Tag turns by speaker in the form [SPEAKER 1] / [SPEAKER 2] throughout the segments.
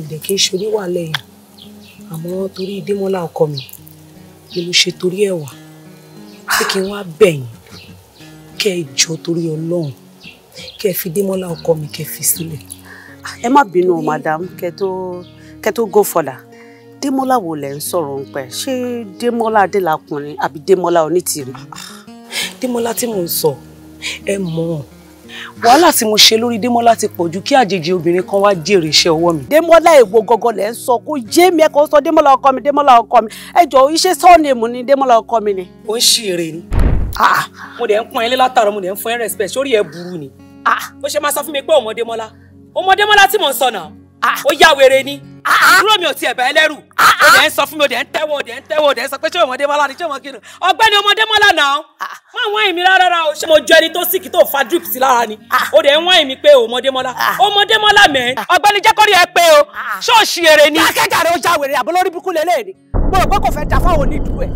[SPEAKER 1] ìdẹ̀ kí n ṣe oníwàlẹ̀ yìí àmọ́ torí Démọ́lá ọkọ mi ni mo ṣe torí ẹ̀ wá pé kí n wá bẹ̀yìn kẹ́ ẹ jọ torí Ọlọ́run kẹ́ ẹ fi Démọ́lá ọkọ mi kẹ́ ẹ fi sílẹ̀. ẹ má bínú madam kẹ́ tó kẹ́ tó go fọdà Démọ́lá wo lẹ ń sọ̀rọ̀ ń pẹ́ ṣé Démọ́lá Adélakùnrin àbí Démọ́lá Onítìrí. Démọ́lá tí mò ń sọ ẹ mọ̀ ọ́n wàhálà tí mo ṣe lórí Démọ́lá ti pọ̀ ju kí àjèjì obìnrin kan wá jèrè iṣẹ́ ọwọ́ mi. Démọ́lá èwo gangan lẹ ń sọ kó yé mi ẹ kò sọ Démọ́lá ọkọ mi Démọ́lá ọkọ mi ẹ jọ iṣẹ́ sọ́ọ̀nìmù ni Démọ́lá ọkọ mi ni. ó ń ṣe èrè ni ah, ah. mo dẹ̀ ń pọn ẹlẹ́ látàrọ̀ mo dẹ̀ ń fún ẹ respect sórí ẹ burú ni. Ah, ó ṣe máa sọ fún mi pé ọmọdé mọ́lá ọmọdé mọ́lá tí mò ń sọ náà ó yá wèrè ni àbúrò mi ò tiẹ̀ bá ẹlẹ́rù ó ah. dẹ̀ ń sọ fún mi ó dẹ̀ ń tẹ́wọ́ ó dẹ̀ ń tẹ́wọ́ ó dẹ̀ ń sọ pé ṣé ọmọdé mọ́lá ni ṣé ọmọ kìnnìún ọgbẹ́ni ọmọdé mọ́lá náà ah. máa wọ́n èmi rárá rárá o ṣé mo jọ ẹni tó sì kí tó fa drip sí lára ni ah. ó dẹ̀ ń wọ́n èmi pé ọmọdé mọ́lá ọmọdé mọ́lá mẹ́. ọgbẹ́ni jẹ́kọ́rí ẹ pé o ṣọ́ọ̀ṣì èrè ni. akẹ́jà rẹ̀ ó já wèrè àbọ̀ lórí bukú lélẹ̀ ni mo rò pé kò fẹ́ da fáwọn onídùú ẹ̀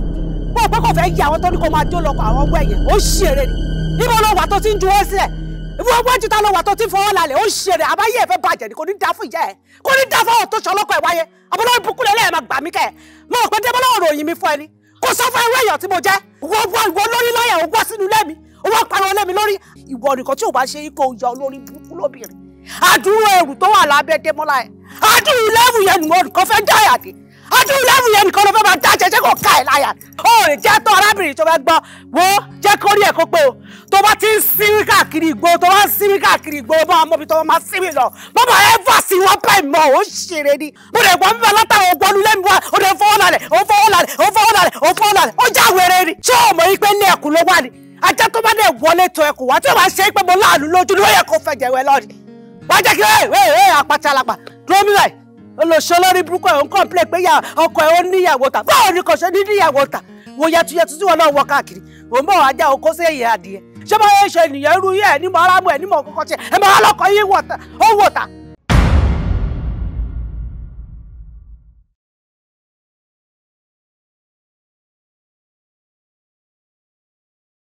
[SPEAKER 1] mo rò pé kò fẹ́ yí àwọn tó ní kó máa jó lọ kọ àwọn ọgbẹ́ yẹn ó ṣì èrè ni níbo ló wà tó ti ń juwọ́ sílẹ̀ ìwọ wájú ta ló wà tó ti fọwọ́ lálẹ́ ó ń ṣe rẹ̀ àbáyé ẹ̀fẹ́ bàjẹ́ ni kò ní da fún ìyá ẹ̀ kò ní da fọwọ́ tó ṣọlọ́kọ̀ ẹ̀ wáyé ọmọlọ́wọ́ ìbùkún lẹ́lẹ́ ẹ̀ máa gbà mí kẹ́ ẹ̀ mo rò pé débọ́lọ́wọ́ ròyìn mi fún ẹni kò sọ fún ẹwé èèyàn tí mo jẹ́ ìwọ lórí lọ́yà ò gbọ́ sínú lẹ́mi owó pariwo lẹ́mi lórí ìwọ nìkan tí ò bá ṣe ikọ̀ òyà olórí burúkú lóbìnrin àdúró ẹrù ẹ̀ láyà ó lè jẹ́ tó arábìnrin tó fẹ́ gbọ́ wo jẹ́ kó rí ẹ̀ kó pé o tó bá ti ń sinmi káàkiri ìgbó tó bá ń sinmi káàkiri ìgbó bá wọn mọbi tó wọn máa sinmi lọ bọ́bà ẹ̀ fà sí wọn pẹ́ mọ́ ò ṣèrè ni mo lè gbọ́ bíbá látàrí ògbọ́n lulẹ̀ mi wá o lè fọwọ́ lálẹ̀ o fọwọ́ lálẹ̀ o fọwọ́ lálẹ̀ o fọwọ́ lálẹ̀ ó já wèrè ni ṣé o mọ̀ yí pé ilé ẹ̀kú ló wà ní ajá tó bá dẹ̀ wọlé tó ẹ̀kú wá tí o bá ṣe é pé mo láàánú lójú ló yẹ kó fẹ̀jẹ̀ wẹ̀ lọ́ọ̀dì wá kí ẹ ẹ ẹ àpàtàlàpà dúró mi báyìí olùsọlọ́rí burúkú ẹ̀ ń kọ́ńplẹ̀ pé ọkọ ẹ̀ ó níyàwó ta báwo ni kò ṣe ní níyàwó ta wo yẹtuyẹtu tí wọn náà wọ káàkiri òun bọ̀ wá já okó sí èyí adìyẹ ṣé báyọ̀ ṣe ènìyàn irú yẹ ẹ̀ ní mọ̀ aráàmù ẹ̀ ní mọ̀ kọ́kọ́ máa lọ́kọ̀ yín wọ̀ ó wọ̀